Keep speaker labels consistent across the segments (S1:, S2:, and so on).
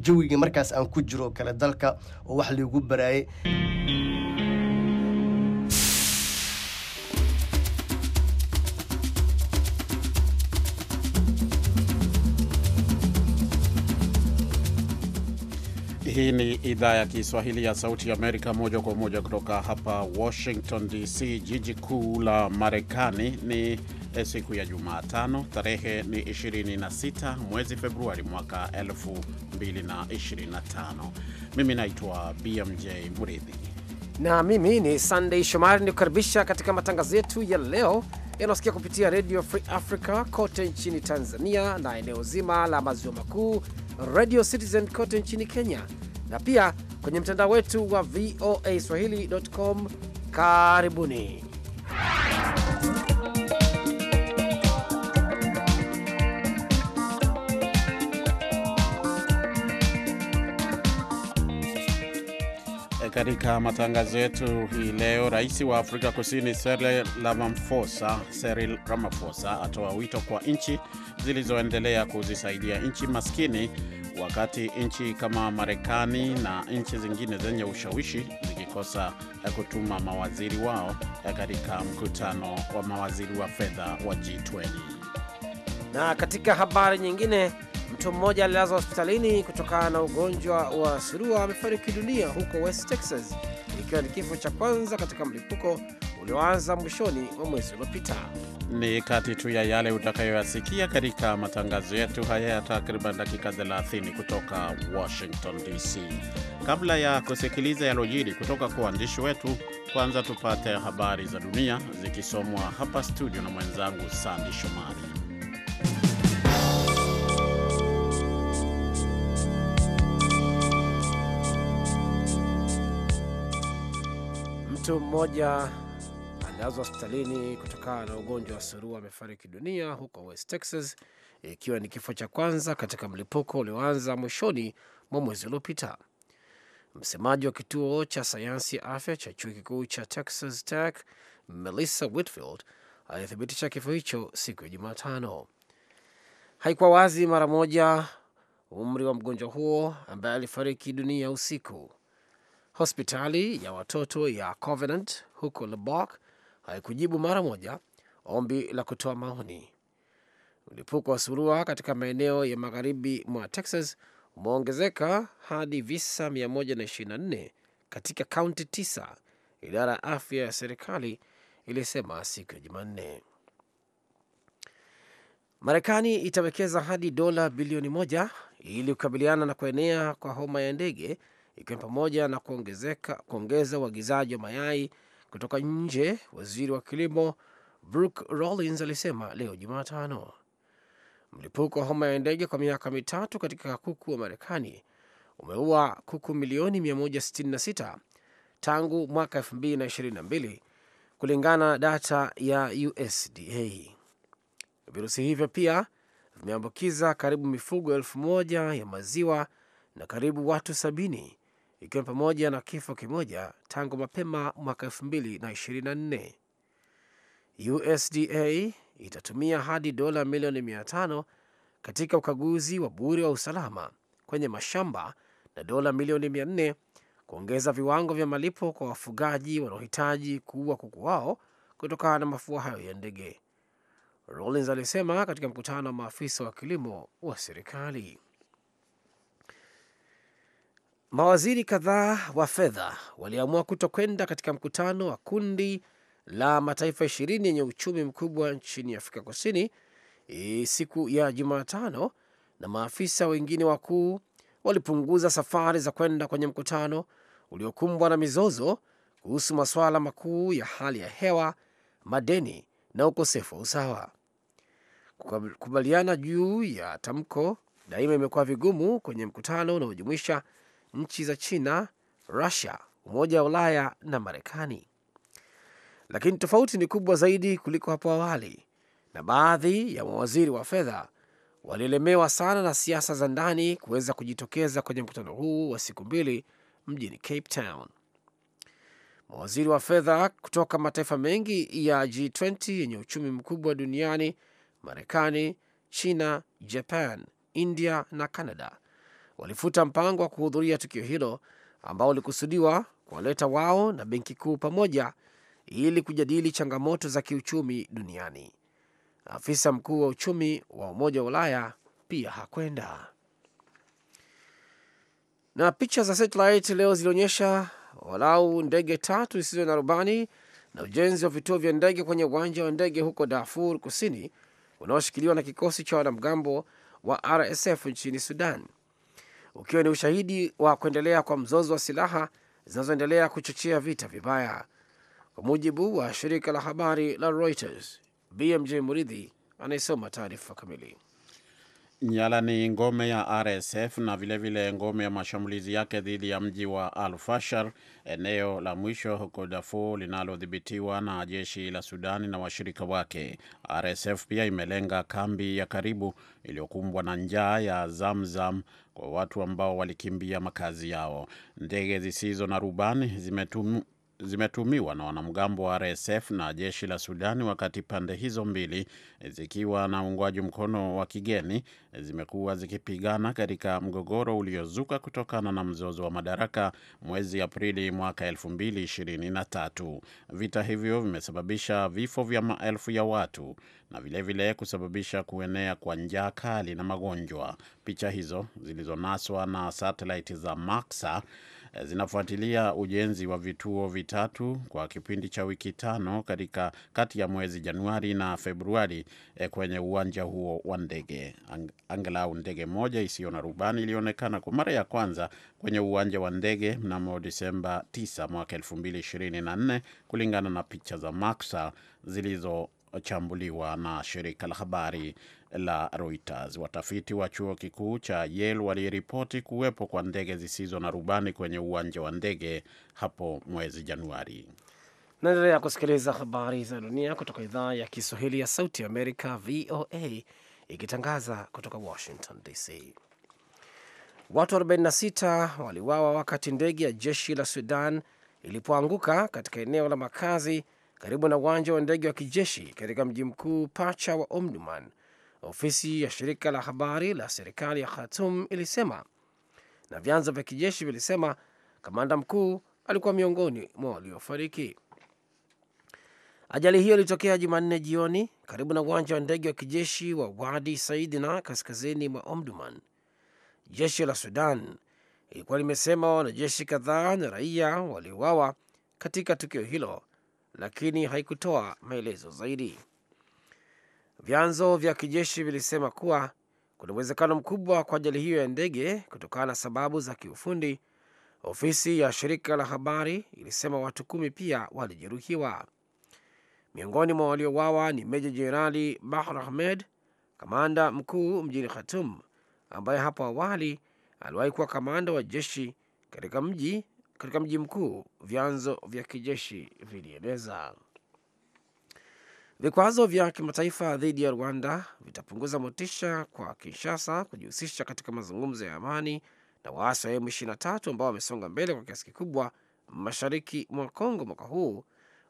S1: jawigii markaas aan ku jiro kale dalka oo wax laigu baraayay
S2: Hii ni idhaa ya Kiswahili ya Sauti Amerika, moja kwa moja kutoka hapa Washington DC, jiji kuu la Marekani. Ni Eh, siku ya Jumatano, tarehe ni 26 mwezi Februari mwaka 2025.
S3: Mimi naitwa BMJ Mridhi na mimi ni Sunday Shomari, ni kukaribisha katika matangazo yetu ya leo yanayosikia kupitia Radio Free Africa kote nchini Tanzania na eneo zima la maziwa makuu, Radio Citizen kote nchini Kenya na pia kwenye mtandao wetu wa voa swahili.com. Karibuni.
S2: Katika matangazo yetu hii leo, rais wa Afrika Kusini Cyril Ramaphosa Cyril Ramaphosa atoa wito kwa nchi zilizoendelea kuzisaidia nchi maskini, wakati nchi kama Marekani na nchi zingine zenye ushawishi zikikosa kutuma mawaziri wao katika mkutano wa mawaziri wa fedha wa G20.
S3: Na katika habari nyingine Mtu mmoja alilazwa hospitalini kutokana na ugonjwa wa surua amefariki dunia huko West Texas, ikiwa ni kifo cha kwanza katika mlipuko ulioanza mwishoni mwa mwezi uliopita.
S2: Ni kati tu ya yale utakayoyasikia katika matangazo yetu haya ya takriban dakika 30 kutoka Washington DC. Kabla ya kusikiliza yalojiri kutoka kwa waandishi wetu, kwanza tupate habari za dunia zikisomwa hapa studio na mwenzangu Sandi Shomari.
S3: Mtu mmoja alazwa hospitalini kutokana na ugonjwa wa surua amefariki dunia huko West Texas, ikiwa ni kifo cha kwanza katika mlipuko ulioanza mwishoni mwa mwezi uliopita. Msemaji wa kituo cha sayansi ya afya cha chuo kikuu cha Texas Tech, Melissa Whitfield, alithibitisha kifo hicho siku ya Jumatano. Haikuwa wazi mara moja umri wa mgonjwa huo ambaye alifariki dunia usiku. Hospitali ya watoto ya Covenant huko Lubbock haikujibu mara moja ombi la kutoa maoni. Mlipuko wa surua katika maeneo ya magharibi mwa Texas umeongezeka hadi visa 124 katika kaunti tisa, idara ya afya ya serikali ilisema siku ya Jumanne. Marekani itawekeza hadi dola bilioni moja ili kukabiliana na kuenea kwa homa ya ndege ikiwa ni pamoja na kuongezeka kuongeza uagizaji wa mayai kutoka nje. Waziri wa kilimo Brooke Rollins alisema leo Jumatano mlipuko wa homa ya ndege kwa miaka mitatu katika kuku wa Marekani umeua kuku milioni 166 tangu mwaka 2022 kulingana na data ya USDA. Virusi hivyo pia vimeambukiza karibu mifugo elfu moja ya maziwa na karibu watu sabini ikiwa ni pamoja na kifo kimoja tangu mapema mwaka 2024. USDA itatumia hadi dola milioni 500 katika ukaguzi wa bure wa usalama kwenye mashamba na dola milioni 400 kuongeza viwango vya malipo kwa wafugaji wanaohitaji kuua kuku wao kutokana na mafua hayo ya ndege. Rawlings alisema katika mkutano wa maafisa wa kilimo wa serikali. Mawaziri kadhaa wa fedha waliamua kutokwenda katika mkutano wa kundi la mataifa ishirini yenye uchumi mkubwa nchini Afrika Kusini e, siku ya Jumatano, na maafisa wengine wakuu walipunguza safari za kwenda kwenye mkutano uliokumbwa na mizozo kuhusu masuala makuu ya hali ya hewa, madeni na ukosefu wa usawa. Kukubaliana juu ya tamko daima imekuwa vigumu kwenye mkutano unaojumuisha nchi za China, Rusia, Umoja wa Ulaya na Marekani, lakini tofauti ni kubwa zaidi kuliko hapo awali, na baadhi ya mawaziri wa fedha walielemewa sana na siasa za ndani kuweza kujitokeza kwenye mkutano huu wa siku mbili mjini Cape Town. Mawaziri wa fedha kutoka mataifa mengi ya G20 yenye uchumi mkubwa duniani, Marekani, China, Japan, India na Canada walifuta mpango wa kuhudhuria tukio hilo ambao ulikusudiwa kuwaleta wao na benki kuu pamoja ili kujadili changamoto za kiuchumi duniani. Afisa mkuu wa uchumi wa Umoja wa Ulaya pia hakwenda. Na picha za satellite leo zilionyesha walau ndege tatu zisizo na rubani na ujenzi wa vituo vya ndege kwenye uwanja wa ndege huko Darfur Kusini unaoshikiliwa na kikosi cha wanamgambo wa RSF nchini Sudan ukiwa ni ushahidi wa kuendelea kwa mzozo wa silaha zinazoendelea kuchochea vita vibaya. Kwa mujibu wa shirika la habari la Reuters, BMJ Muridhi anayesoma taarifa kamili.
S2: Nyala ni ngome ya RSF na vilevile vile ngome ya mashambulizi yake dhidi ya mji wa Al-Fashar, eneo la mwisho huko Darfur linalodhibitiwa na jeshi la Sudani na washirika wake. RSF pia imelenga kambi ya karibu iliyokumbwa na njaa ya Zamzam kwa watu ambao walikimbia makazi yao. Ndege zisizo na rubani zimetum zimetumiwa na wanamgambo wa RSF na jeshi la Sudani, wakati pande hizo mbili zikiwa na uungwaji mkono wa kigeni zimekuwa zikipigana katika mgogoro uliozuka kutokana na mzozo wa madaraka mwezi Aprili mwaka 2023. Vita hivyo vimesababisha vifo vya maelfu ya watu na vilevile vile kusababisha kuenea kwa njaa kali na magonjwa. Picha hizo zilizonaswa na satelaiti za Maksa Eh, zinafuatilia ujenzi wa vituo vitatu kwa kipindi cha wiki tano katika kati ya mwezi Januari na Februari eh, kwenye uwanja huo wa ndege. Angalau ndege moja isiyo na rubani ilionekana kwa mara ya kwanza kwenye uwanja wa ndege mnamo Disemba 9 mwaka 2024 kulingana na picha za maksa zilizochambuliwa na shirika la habari la Reuters. Watafiti wa chuo kikuu cha Yale waliripoti kuwepo kwa ndege zisizo na rubani kwenye uwanja wa ndege hapo mwezi Januari.
S3: Naendelea kusikiliza habari za dunia kutoka idhaa ya Kiswahili ya Sauti Amerika, VOA, ikitangaza kutoka Washington DC. Watu 46 waliwawa wakati ndege ya jeshi la Sudan ilipoanguka katika eneo la makazi karibu na uwanja wa ndege wa kijeshi katika mji mkuu pacha wa Omduman, Ofisi ya shirika la habari la serikali ya Khartoum ilisema na vyanzo vya kijeshi vilisema kamanda mkuu alikuwa miongoni mwa waliofariki. Ajali hiyo ilitokea Jumanne jioni karibu na uwanja wa ndege wa kijeshi wa Wadi Saidina kaskazini mwa Omduman. Jeshi la Sudan ilikuwa limesema wanajeshi kadhaa na raia waliuawa katika tukio hilo, lakini haikutoa maelezo zaidi. Vyanzo vya kijeshi vilisema kuwa kuna uwezekano mkubwa kwa ajali hiyo ya ndege kutokana na sababu za kiufundi. Ofisi ya shirika la habari ilisema watu kumi pia walijeruhiwa. Miongoni mwa waliowawa ni meja jenerali Bahr Ahmed, kamanda mkuu mjini Khartoum, ambaye hapo awali aliwahi kuwa kamanda wa jeshi katika mji katika mji mkuu, vyanzo vya kijeshi vilieleza. Vikwazo vya kimataifa dhidi ya Rwanda vitapunguza motisha kwa Kinshasa kujihusisha katika mazungumzo ya amani na waasi wa M23 ambao wamesonga mbele kwa kiasi kikubwa mashariki mwa Kongo mwaka huu,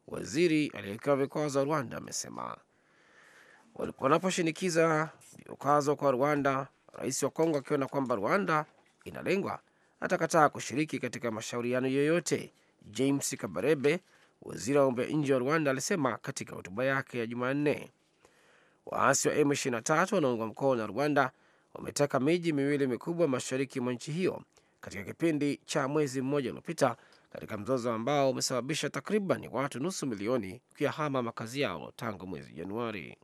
S3: waziri aliyewekewa vikwazo wa Rwanda amesema. Wanaposhinikiza vikwazo kwa Rwanda, rais wa Kongo akiona kwamba Rwanda inalengwa atakataa kushiriki katika mashauriano yoyote. James Kabarebe waziri wa mambo ya nje wa Rwanda alisema katika hotuba yake ya Jumanne. Waasi wa M23 wanaungwa mkono na Rwanda wameteka miji miwili mikubwa mashariki mwa nchi hiyo katika kipindi cha mwezi mmoja uliopita, katika mzozo ambao umesababisha takriban watu nusu milioni kuyahama makazi yao tangu mwezi Januari.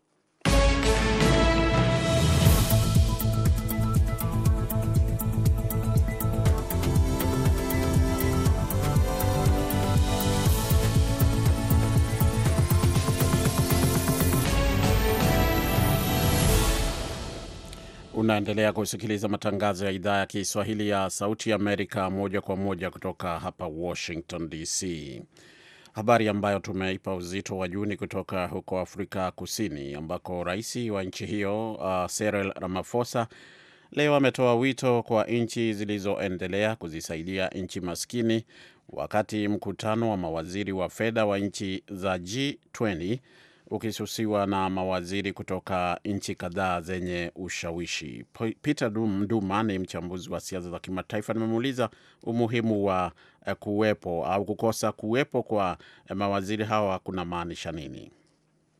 S2: Unaendelea kusikiliza matangazo ya idhaa ya Kiswahili ya Sauti Amerika moja kwa moja kutoka hapa Washington DC. Habari ambayo tumeipa uzito wa juu ni kutoka huko Afrika Kusini, ambako rais wa nchi hiyo uh, Cyril Ramaphosa leo ametoa wito kwa nchi zilizoendelea kuzisaidia nchi maskini wakati mkutano wa mawaziri wa fedha wa nchi za G20 ukisusiwa na mawaziri kutoka nchi kadhaa zenye ushawishi. Peter Mduma ni mchambuzi wa siasa za kimataifa. Nimemuuliza umuhimu wa eh, kuwepo au kukosa kuwepo kwa eh, mawaziri hawa kuna maanisha nini?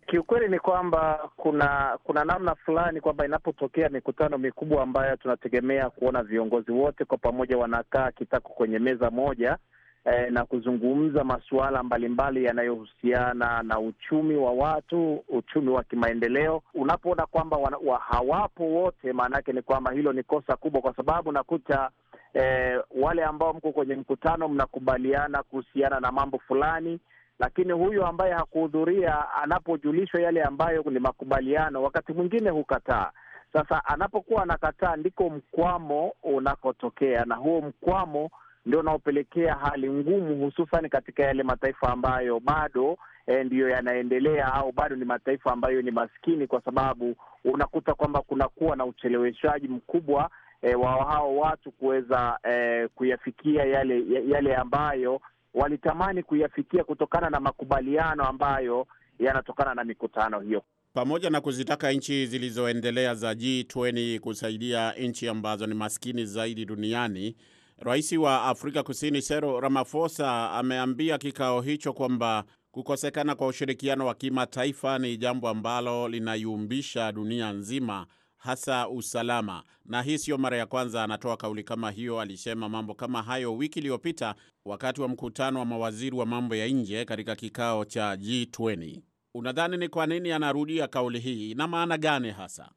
S4: Kiukweli ni kwamba kuna kuna namna fulani kwamba inapotokea mikutano mikubwa ambayo tunategemea kuona viongozi wote kwa pamoja wanakaa kitako kwenye meza moja eh, na kuzungumza masuala mbalimbali yanayohusiana na uchumi wa watu, uchumi wa kimaendeleo. Unapoona kwamba hawapo wote, maana ni kwamba hilo ni kosa kubwa, kwa sababu nakuta eh, wale ambao mko kwenye mkutano mnakubaliana kuhusiana na mambo fulani lakini huyu ambaye hakuhudhuria anapojulishwa yale ambayo ni makubaliano, wakati mwingine hukataa. Sasa anapokuwa anakataa, ndiko mkwamo unakotokea, na huo mkwamo ndio unaopelekea hali ngumu, hususan katika yale mataifa ambayo bado E, ndiyo yanaendelea au bado ni mataifa ambayo ni maskini, kwa sababu unakuta kwamba kunakuwa na ucheleweshaji mkubwa e, wa hao watu kuweza e, kuyafikia yale yale ambayo walitamani kuyafikia kutokana na makubaliano
S2: ambayo yanatokana na mikutano hiyo, pamoja na kuzitaka nchi zilizoendelea za G20 kusaidia nchi ambazo ni maskini zaidi duniani. Rais wa Afrika Kusini Cyril Ramaphosa ameambia kikao hicho kwamba kukosekana kwa ushirikiano wa kimataifa ni jambo ambalo linayumbisha dunia nzima hasa usalama. Na hii siyo mara ya kwanza anatoa kauli kama hiyo. Alisema mambo kama hayo wiki iliyopita wakati wa mkutano wa mawaziri wa mambo ya nje katika kikao cha G20. Unadhani ni kwa nini anarudia kauli hii? Ina maana gani hasa?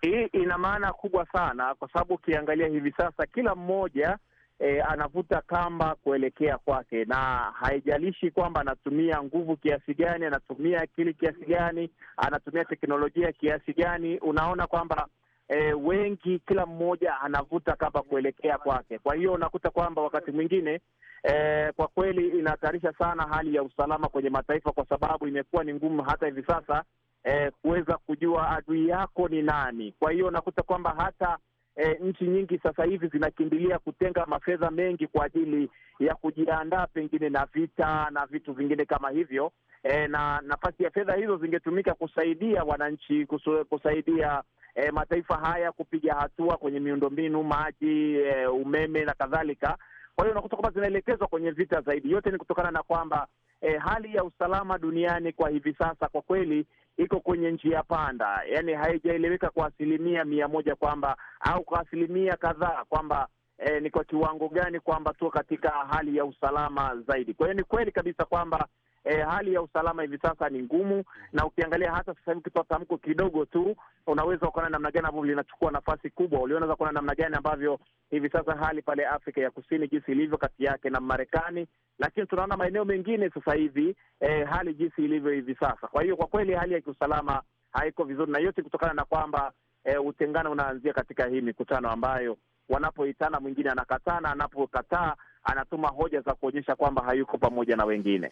S4: Hii e, ina maana kubwa sana, kwa sababu ukiangalia hivi sasa kila mmoja E, anavuta kamba kuelekea kwake, na haijalishi kwamba anatumia nguvu kiasi gani, anatumia akili kiasi gani, anatumia teknolojia kiasi gani. Unaona kwamba e, wengi, kila mmoja anavuta kamba kuelekea kwake. Kwa hiyo unakuta kwamba wakati mwingine e, kwa kweli inahatarisha sana hali ya usalama kwenye mataifa, kwa sababu imekuwa ni ngumu hata hivi sasa eh, kuweza kujua adui yako ni nani. Kwa hiyo nakuta kwamba hata E, nchi nyingi sasa hivi zinakimbilia kutenga mafedha mengi kwa ajili ya kujiandaa pengine na vita na vitu vingine kama hivyo E, na nafasi ya fedha hizo zingetumika kusaidia wananchi kusu, kusaidia E, mataifa haya kupiga hatua kwenye miundombinu, maji, e, umeme na kadhalika. Kwa hiyo unakuta kwamba zinaelekezwa kwenye vita zaidi. Yote ni kutokana na kwamba e, hali ya usalama duniani kwa hivi sasa kwa kweli iko kwenye njia panda, yani haijaeleweka kwa asilimia mia moja kwamba au kwa asilimia kadhaa kwamba e, ni kwa kiwango gani kwamba tuko katika hali ya usalama zaidi. Kwa hiyo ni kweli kabisa kwamba e, hali ya usalama hivi sasa ni ngumu, na ukiangalia hata sasa hivi ukitoa tamko kidogo tu unaweza ukaona namna gani ambavyo linachukua nafasi kubwa. Ulionaweza kuona namna gani ambavyo hivi sasa hali pale Afrika ya Kusini jinsi ilivyo kati yake na Marekani, lakini tunaona maeneo mengine sasa hivi e, hali jinsi ilivyo hivi sasa. Kwa hiyo kwa kweli hali ya kiusalama haiko vizuri, na yote kutokana na kwamba e, utengano unaanzia katika hii mikutano ambayo wanapoitana mwingine anakatana, anapokataa anatuma hoja za kuonyesha kwamba hayuko pamoja na wengine.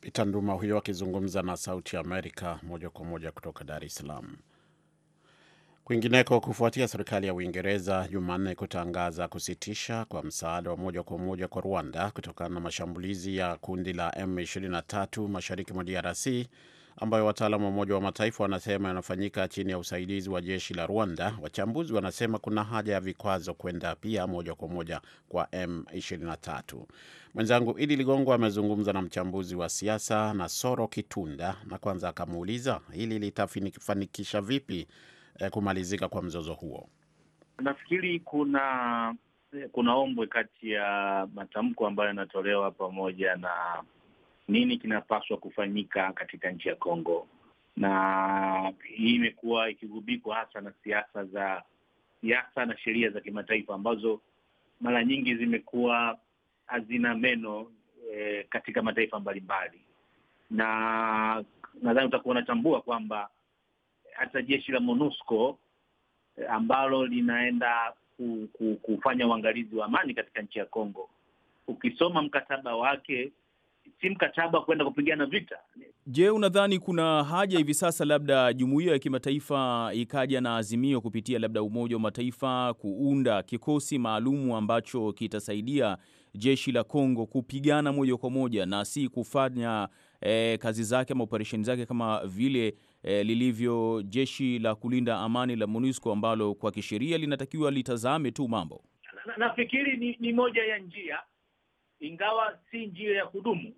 S2: Peter Nduma huyo akizungumza na Sauti Amerika moja kwa moja kutoka Dar es Salaam. Kwingineko, kufuatia serikali ya Uingereza Jumanne kutangaza kusitisha kwa msaada wa moja kwa moja kwa Rwanda kutokana na mashambulizi ya kundi la M23 mashariki mwa DRC, ambayo wataalamu wa Umoja wa Mataifa wanasema yanafanyika chini ya usaidizi wa jeshi la Rwanda, wachambuzi wanasema kuna haja ya vikwazo kwenda pia moja kwa moja kwa M23. Mwenzangu Idi Ligongo amezungumza na mchambuzi wa siasa na soro Kitunda na kwanza akamuuliza hili litafanikisha vipi eh, kumalizika kwa mzozo huo.
S1: Nafikiri kuna kuna ombwe kati ya matamko ambayo yanatolewa pamoja na nini kinapaswa kufanyika katika nchi ya Kongo, na hii imekuwa ikigubikwa hasa na siasa za siasa na sheria za kimataifa ambazo mara nyingi zimekuwa hazina meno e, katika mataifa mbalimbali, na nadhani utakuwa unatambua kwamba hata jeshi la MONUSCO eh, ambalo linaenda ku, ku, kufanya uangalizi wa amani katika nchi ya Kongo, ukisoma mkataba wake si mkataba kuenda kupigana vita.
S5: Je, unadhani kuna haja hivi sasa labda jumuiya ya kimataifa ikaja na azimio kupitia labda Umoja wa Mataifa kuunda kikosi maalumu ambacho kitasaidia jeshi la Kongo kupigana moja kwa moja na si kufanya eh, kazi zake ama operesheni zake kama vile E, lilivyo jeshi la kulinda amani la MONUSCO ambalo kwa kisheria linatakiwa litazame tu mambo.
S1: Nafikiri ni, ni moja ya njia ingawa si njia ya kudumu,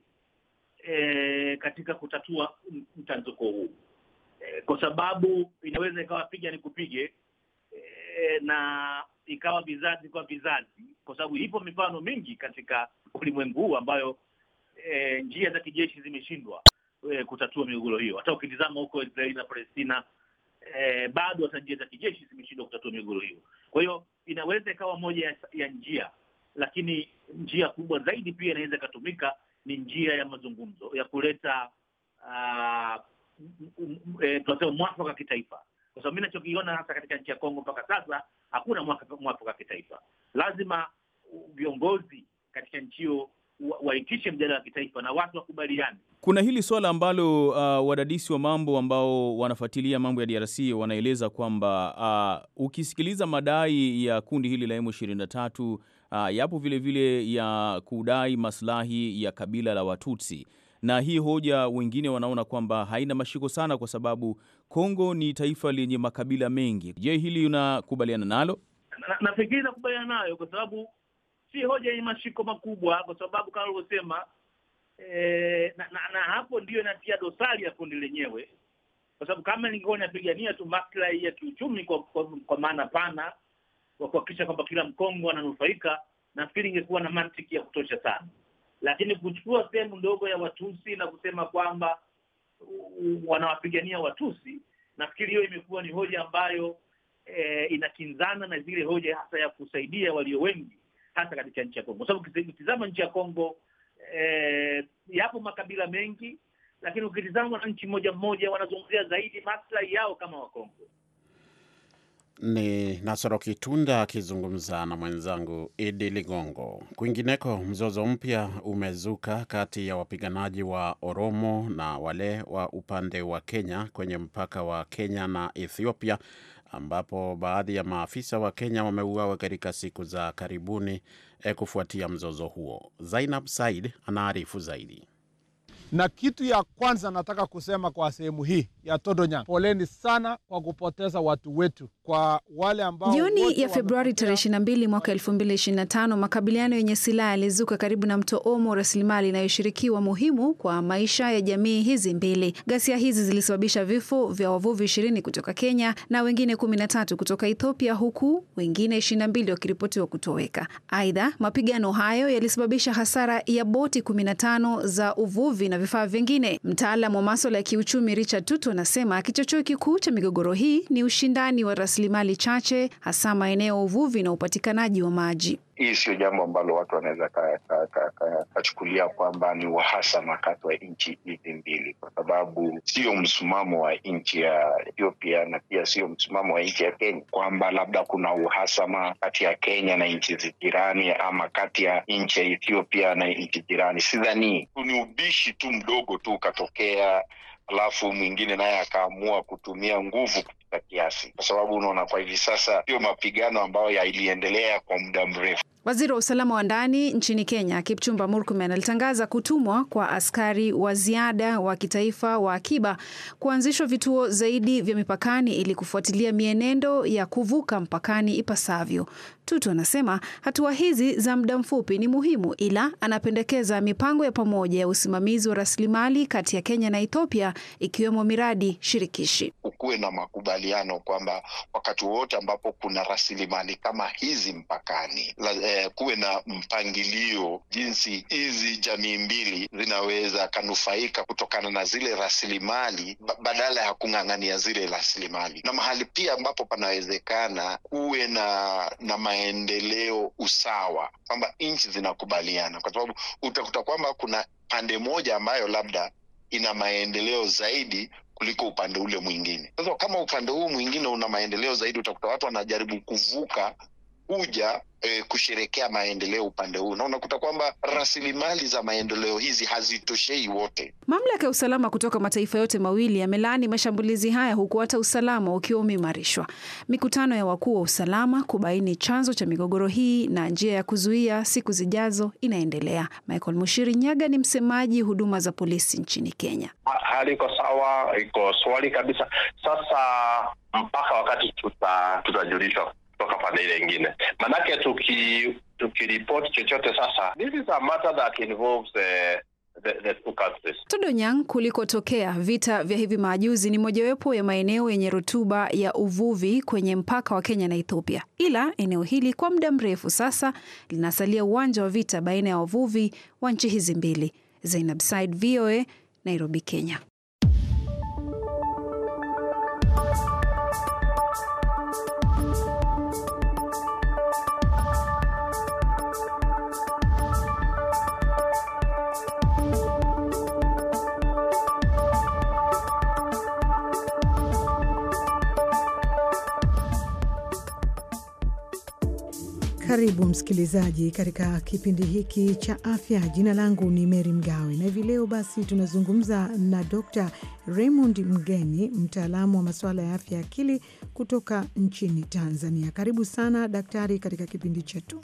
S1: e, katika kutatua mtanzuko huu e, kwa sababu inaweza ikawa piga ni kupige e, na ikawa vizazi kwa vizazi, kwa sababu ipo mifano mingi katika ulimwengu huu ambayo e, njia za kijeshi zimeshindwa e, kutatua migogoro hiyo. Hata ukitizama huko Israeli na Palestina e, bado hata njia za kijeshi zimeshindwa kutatua migogoro hiyo. Kwa hiyo inaweza ikawa moja ya, ya njia, lakini njia kubwa zaidi pia inaweza ikatumika ni njia ya mazungumzo ya kuleta uh, mwafaka wa kitaifa, kwa sababu mi nachokiona hasa katika nchi ya Kongo mpaka sasa hakuna mwafaka wa kitaifa. Lazima viongozi katika nchi hiyo waitishe mjadala wa kitaifa na watu wakubaliane.
S5: Kuna hili swala ambalo uh, wadadisi wa mambo ambao wanafuatilia mambo ya DRC wanaeleza kwamba uh, ukisikiliza madai ya kundi hili la M23 uh, yapo vilevile ya kudai maslahi ya kabila la Watutsi na hii hoja wengine wanaona kwamba haina mashiko sana kwa sababu Kongo ni taifa lenye makabila mengi. Je, hili unakubaliana nalo?
S1: Nafikiri na, na nakubaliana nayo kwa sababu si hoja yenye mashiko makubwa, kwa sababu kama ulivyosema e, na, na, na hapo ndiyo inatia dosari ya kundi lenyewe, kwa sababu kama ningekuwa napigania tu maslahi ya kiuchumi kwa, kwa, kwa maana pana wa kuhakikisha kwamba kila mkongo ananufaika, nafikiri ingekuwa na mantiki ya kutosha sana, lakini kuchukua sehemu ndogo ya Watusi na kusema kwamba wanawapigania Watusi, nafikiri hiyo imekuwa ni hoja ambayo e, inakinzana na zile hoja hasa ya kusaidia walio wengi hasa katika nchi ya Kongo, kwa sababu ukitizama nchi ya Kongo e, yapo makabila mengi, lakini ukitizama wananchi mmoja mmoja wanazungumzia zaidi maslahi yao kama Wakongo.
S2: Ni Nasoro Kitunda akizungumza na mwenzangu Idi Ligongo. Kwingineko, mzozo mpya umezuka kati ya wapiganaji wa Oromo na wale wa upande wa Kenya kwenye mpaka wa Kenya na Ethiopia, ambapo baadhi ya maafisa wa Kenya wameuawa katika siku za karibuni eh, kufuatia mzozo huo. Zainab Said anaarifu zaidi.
S6: Na kitu ya kwanza nataka kusema kwa sehemu hii ya Todonyang, poleni sana kwa kupoteza watu wetu. Kwa wale ambao jioni ya Februari
S7: tarehe 22 mwaka 2025 makabiliano yenye silaha yalizuka karibu na mto Omo, rasilimali inayoshirikiwa muhimu kwa maisha ya jamii hizi mbili. Ghasia hizi zilisababisha vifo vya wavuvi ishirini kutoka Kenya na wengine 13 kutoka Ethiopia, huku wengine 22 wakiripotiwa kutoweka. Aidha, mapigano hayo yalisababisha hasara ya boti 15 za uvuvi na vifaa vingine. Mtaalamu wa maswala ya kiuchumi Richard Tutu anasema kichocheo kikuu cha migogoro hii ni ushindani wa rasilimali chache, hasa maeneo ya uvuvi na upatikanaji wa maji
S8: hii sio jambo ambalo watu wanaweza kachukulia kwamba ni uhasama kati wa nchi hizi mbili, kwa sababu sio msimamo wa nchi ya Ethiopia na pia sio msimamo wa nchi ya Kenya kwamba labda kuna uhasama kati ya Kenya na nchi jirani ama kati ya nchi ya Ethiopia na nchi jirani. Sidhani, ni ubishi tu mdogo tu ukatokea alafu mwingine naye akaamua kutumia nguvu kupita kiasi, kwa sababu unaona kwa hivi sasa sio mapigano ambayo yaliendelea kwa muda mrefu.
S7: Waziri wa usalama wa ndani nchini Kenya Kipchumba Murkomen alitangaza kutumwa kwa askari wa ziada wa kitaifa wa akiba kuanzishwa vituo zaidi vya mipakani ili kufuatilia mienendo ya kuvuka mpakani ipasavyo. Tutu anasema hatua hizi za muda mfupi ni muhimu, ila anapendekeza mipango ya pamoja ya usimamizi wa rasilimali kati ya Kenya na Ethiopia, ikiwemo miradi shirikishi.
S8: Kukuwe na makubaliano kwamba wakati wowote ambapo kuna rasilimali kama hizi mpakani la eh, eh, kuwe na mpangilio jinsi hizi jamii mbili zinaweza kanufaika kutokana na zile rasilimali badala ya kung'ang'ania zile rasilimali, na mahali pia ambapo panawezekana kuwe na na maendeleo usawa, kwamba nchi zinakubaliana, kwa sababu utakuta kwamba kuna pande moja ambayo labda ina maendeleo zaidi kuliko upande ule mwingine. Sasa kama upande huu mwingine una maendeleo zaidi, utakuta watu wanajaribu kuvuka kuja e, kusherekea maendeleo upande huu, na unakuta kwamba rasilimali za maendeleo hizi hazitoshei
S7: wote. Mamlaka ya usalama kutoka mataifa yote mawili yamelaani mashambulizi haya, huku hata usalama ukiwa umeimarishwa. Mikutano ya wakuu wa usalama kubaini chanzo cha migogoro hii na njia ya kuzuia siku zijazo inaendelea. Michael Mushiri Nyaga ni msemaji huduma za polisi nchini Kenya. hali iko sawa, iko swali kabisa. Sasa mpaka
S4: wakati tutajulishwa tuta kutoka pande ile ingine, manake tuki tukiripoti chochote sasa, this is a matter that involves uh,
S7: kulikotokea vita vya hivi maajuzi ni mojawepo ya maeneo yenye rutuba ya uvuvi kwenye mpaka wa Kenya na Ethiopia, ila eneo hili kwa muda mrefu sasa linasalia uwanja wa vita baina ya wavuvi wa nchi hizi mbili. Zainab VOA, Nairobi, Kenya.
S9: Karibu msikilizaji katika kipindi hiki cha afya. Jina langu ni Meri Mgawe na hivi leo basi tunazungumza na Dr Raymond Mgeni, mtaalamu wa masuala ya afya ya akili kutoka nchini Tanzania. Karibu sana daktari katika kipindi chetu.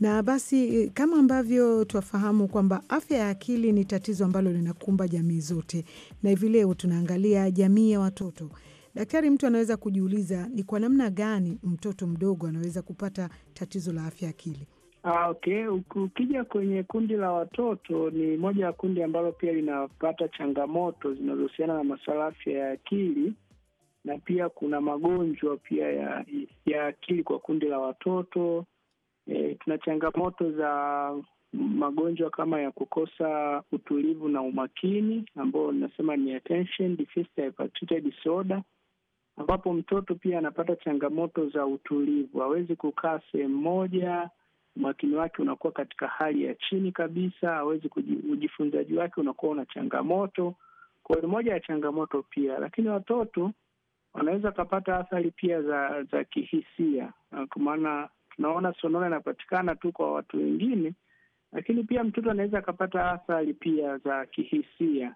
S9: Na basi kama ambavyo twafahamu kwamba afya ya akili ni tatizo ambalo linakumba jamii zote, na hivi leo tunaangalia jamii ya watoto Daktari, mtu anaweza kujiuliza ni kwa namna gani mtoto mdogo anaweza kupata tatizo la afya akili?
S10: Ah, okay. Ukija kwenye kundi la watoto, ni moja ya kundi ambalo pia linapata changamoto zinazohusiana na masuala afya ya akili, na pia kuna magonjwa pia ya, ya akili kwa kundi la watoto. E, tuna changamoto za magonjwa kama ya kukosa utulivu na umakini ambao nasema ni attention deficit hyperactivity disorder ambapo mtoto pia anapata changamoto za utulivu, hawezi kukaa sehemu moja, umakini wake unakuwa katika hali ya chini kabisa, hawezi ujifunzaji wake unakuwa una changamoto. Kwa hiyo moja ya changamoto pia, lakini watoto wanaweza wakapata athari pia za za kihisia, kwa maana tunaona sonona inapatikana tu kwa watu wengine, lakini pia mtoto anaweza akapata athari pia za kihisia,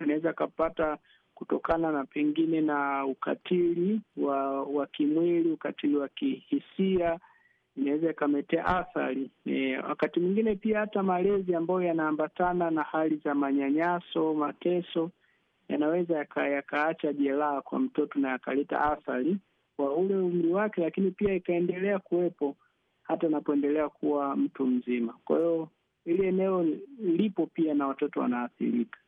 S10: anaweza akapata kutokana na pengine na ukatili wa wa kimwili, ukatili wa kihisia, inaweza ikametea athari e. Wakati mwingine pia hata malezi ambayo yanaambatana na hali za manyanyaso, mateso yanaweza yakaacha yaka jeraha kwa mtoto na yakaleta athari kwa ule umri wake, lakini pia ikaendelea kuwepo hata anapoendelea kuwa mtu mzima. Kwa hiyo hili eneo lipo pia na watoto wanaathirika.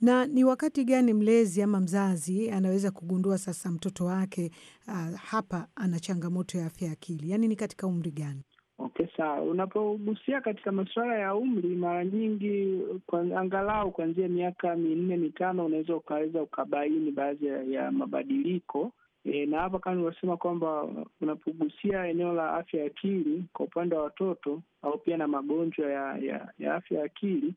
S9: Na ni wakati gani mlezi ama mzazi anaweza kugundua sasa mtoto wake uh, hapa ana changamoto ya afya ya akili? Yaani ni katika umri gani?
S10: Okay, sawa. Unapogusia katika masuala ya umri, mara nyingi kwa, angalau kuanzia miaka minne mitano unaweza ukaweza ukabaini baadhi ya mabadiliko e, na hapa kama nilivyosema kwamba unapogusia eneo la afya ya akili kwa upande wa watoto au pia na magonjwa ya, ya, ya afya ya akili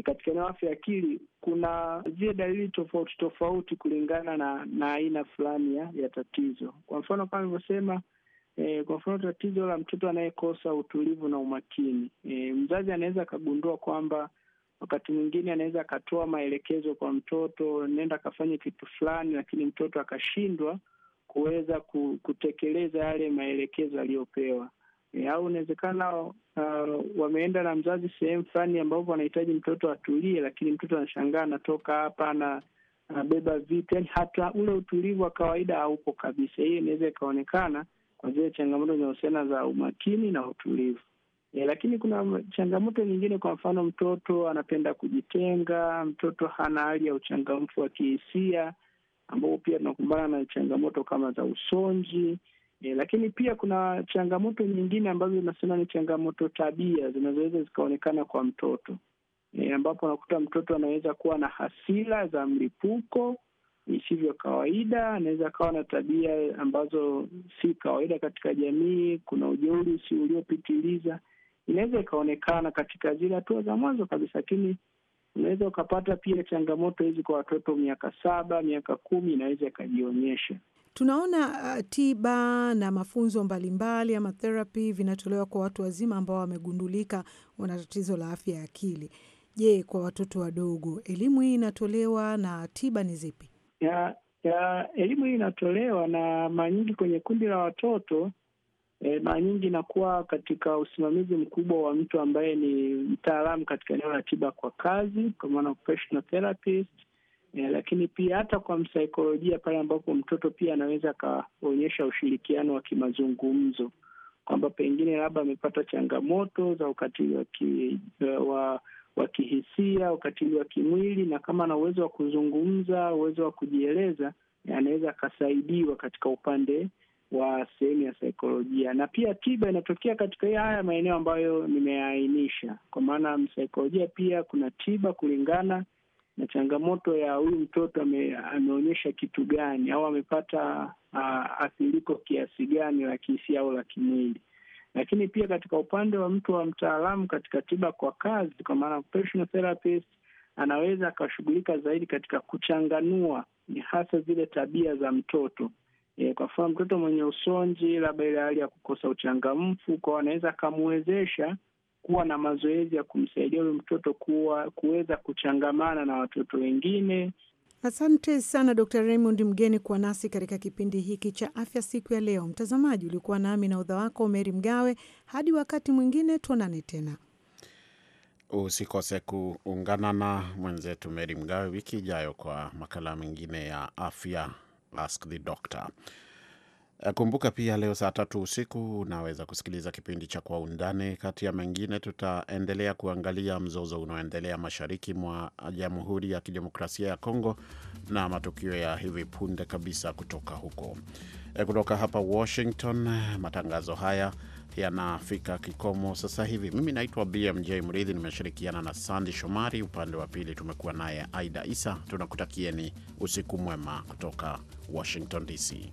S10: katika eneo afya ya akili kuna zile dalili tofauti tofauti kulingana na na aina fulani ya, ya tatizo. Kwa mfano kama ilivyosema e, eh, kwa mfano tatizo la mtoto anayekosa utulivu na umakini, e, mzazi anaweza akagundua kwamba wakati mwingine anaweza akatoa maelekezo kwa mtoto, nenda akafanye kitu fulani, lakini mtoto akashindwa kuweza kutekeleza yale maelekezo aliyopewa e, au inawezekana uh, wameenda na mzazi sehemu fulani ambapo wanahitaji mtoto atulie, lakini mtoto anashangaa anatoka hapa na anabeba vitu, yani hata ule utulivu wa kawaida haupo kabisa. Hiyo inaweza ikaonekana kwa zile changamoto zinahusiana za umakini na utulivu. E, lakini kuna changamoto nyingine. Kwa mfano, mtoto anapenda kujitenga, mtoto hana hali ya uchangamfu wa kihisia, ambapo pia tunakumbana na changamoto kama za usonji E, lakini pia kuna changamoto nyingine ambazo zinasema ni changamoto tabia zinazoweza zikaonekana kwa mtoto e, ambapo unakuta mtoto anaweza kuwa na hasira za mlipuko isivyo kawaida, anaweza akawa na tabia ambazo si kawaida katika jamii. Kuna ujeuri si uliopitiliza, inaweza ikaonekana katika zile hatua za mwanzo kabisa, lakini unaweza ukapata pia changamoto hizi kwa watoto miaka saba, miaka kumi, inaweza ikajionyesha.
S9: Tunaona uh, tiba na mafunzo mbalimbali ama therapy vinatolewa kwa watu wazima ambao wamegundulika wana tatizo la afya ya akili. Je, kwa watoto wadogo elimu hii inatolewa na tiba ni zipi?
S10: Ya, ya, elimu hii inatolewa na mara nyingi kwenye kundi la watoto e, mara nyingi inakuwa katika usimamizi mkubwa wa mtu ambaye ni mtaalamu katika eneo la tiba kwa kazi, kwa maana therapist yeah, lakini pia hata kwa msaikolojia pale ambapo mtoto pia anaweza akaonyesha ushirikiano wa kimazungumzo kwamba pengine labda amepata changamoto za ukatili wa, ki, eh, wa wa kihisia, ukatili wa kimwili, na kama ana uwezo wa kuzungumza, uwezo wa kujieleza, eh, anaweza akasaidiwa katika upande wa sehemu ya saikolojia. Na pia tiba inatokea katika haya maeneo ambayo nimeainisha kwa maana msaikolojia pia kuna tiba kulingana na changamoto ya huyu mtoto ame, ameonyesha kitu gani au amepata uh, kiasi gani la kihisia au la kimwili. Lakini pia katika upande wa mtu wa mtaalamu katika tiba kwa kazi, kwa maana therapist, anaweza akashughulika zaidi katika kuchanganua ni hasa zile tabia za mtoto e, kwa mfano mtoto mwenye usonji, labda ile hali ya kukosa uchangamfu kwao, anaweza akamwezesha kuwa na mazoezi ya kumsaidia huyo mtoto kuwa kuweza kuchangamana na watoto wengine.
S9: Asante sana Dkt. Raymond Mgeni kuwa nasi katika kipindi hiki cha afya siku ya leo. Mtazamaji, ulikuwa nami na udha wako Meri Mgawe. Hadi wakati mwingine, tuonane tena.
S2: Usikose kuungana na mwenzetu Meri Mgawe wiki ijayo kwa makala mengine ya afya Ask the Doctor. Kumbuka pia leo saa tatu usiku unaweza kusikiliza kipindi cha Kwa Undani. Kati ya mengine, tutaendelea kuangalia mzozo unaoendelea mashariki mwa Jamhuri ya Kidemokrasia ya Kongo na matukio ya hivi punde kabisa kutoka huko. Eh, kutoka hapa Washington, matangazo haya yanafika kikomo sasa hivi. Mimi naitwa BMJ Mridhi, nimeshirikiana na Sandi Shomari. Upande wa pili tumekuwa naye Aida Isa. Tunakutakieni usiku mwema kutoka Washington DC.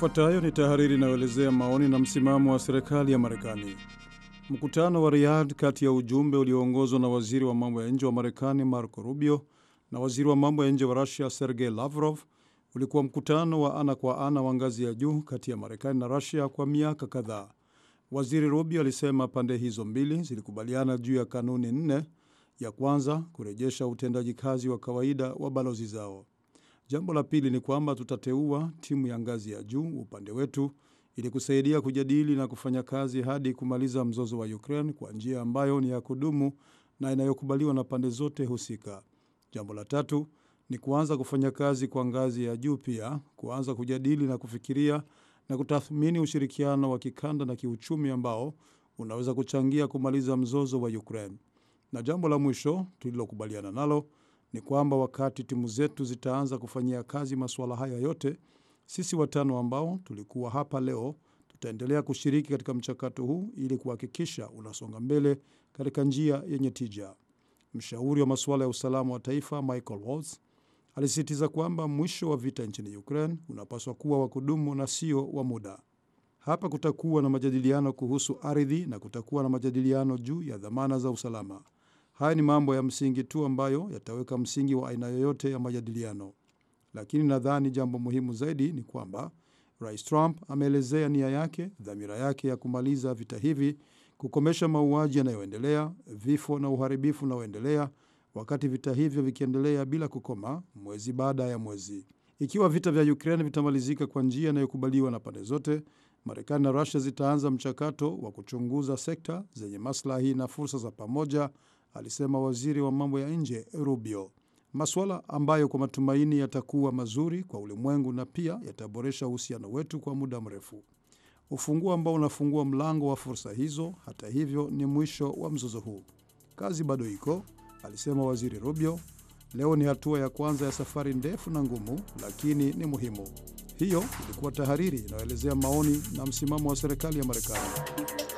S6: Ifuatayo ni tahariri inayoelezea maoni na msimamo wa serikali ya Marekani. Mkutano wa Riyadh kati ya ujumbe ulioongozwa na waziri wa mambo ya nje wa Marekani Marco Rubio na waziri wa mambo ya nje wa Rusia Sergei Lavrov ulikuwa mkutano wa ana kwa ana wa ngazi ya juu kati ya Marekani na Rusia kwa miaka kadhaa. Waziri Rubio alisema pande hizo mbili zilikubaliana juu ya kanuni nne. Ya kwanza, kurejesha utendaji kazi wa kawaida wa balozi zao. Jambo la pili ni kwamba tutateua timu ya ngazi ya juu upande wetu ili kusaidia kujadili na kufanya kazi hadi kumaliza mzozo wa Ukraine kwa njia ambayo ni ya kudumu na inayokubaliwa na pande zote husika. Jambo la tatu ni kuanza kufanya kazi kwa ngazi ya juu pia, kuanza kujadili na kufikiria na kutathmini ushirikiano wa kikanda na kiuchumi ambao unaweza kuchangia kumaliza mzozo wa Ukraine. Na jambo la mwisho tulilokubaliana nalo ni kwamba wakati timu zetu zitaanza kufanyia kazi masuala haya yote, sisi watano ambao tulikuwa hapa leo tutaendelea kushiriki katika mchakato huu ili kuhakikisha unasonga mbele katika njia yenye tija. Mshauri wa masuala ya usalama wa taifa Michael Waltz alisisitiza kwamba mwisho wa vita nchini Ukraine unapaswa kuwa wa kudumu na sio wa muda. Hapa kutakuwa na majadiliano kuhusu ardhi na kutakuwa na majadiliano juu ya dhamana za usalama. Haya ni mambo ya msingi tu ambayo yataweka msingi wa aina yoyote ya majadiliano, lakini nadhani jambo muhimu zaidi ni kwamba Rais Trump ameelezea nia yake, dhamira yake ya kumaliza vita hivi, kukomesha mauaji yanayoendelea, vifo na uharibifu unaoendelea, wakati vita hivyo vikiendelea bila kukoma, mwezi baada ya mwezi. Ikiwa vita vya Ukraine vitamalizika kwa njia inayokubaliwa na pande zote, Marekani na rusia zitaanza mchakato wa kuchunguza sekta zenye maslahi na fursa za pamoja alisema waziri wa mambo ya nje Rubio, masuala ambayo kwa matumaini yatakuwa mazuri kwa ulimwengu na pia yataboresha uhusiano wetu kwa muda mrefu. Ufunguo ambao unafungua mlango wa fursa hizo, hata hivyo, ni mwisho wa mzozo huu. Kazi bado iko, alisema waziri Rubio. Leo ni hatua ya kwanza ya safari ndefu na ngumu, lakini ni muhimu. Hiyo ilikuwa tahariri inayoelezea maoni na msimamo wa serikali ya Marekani.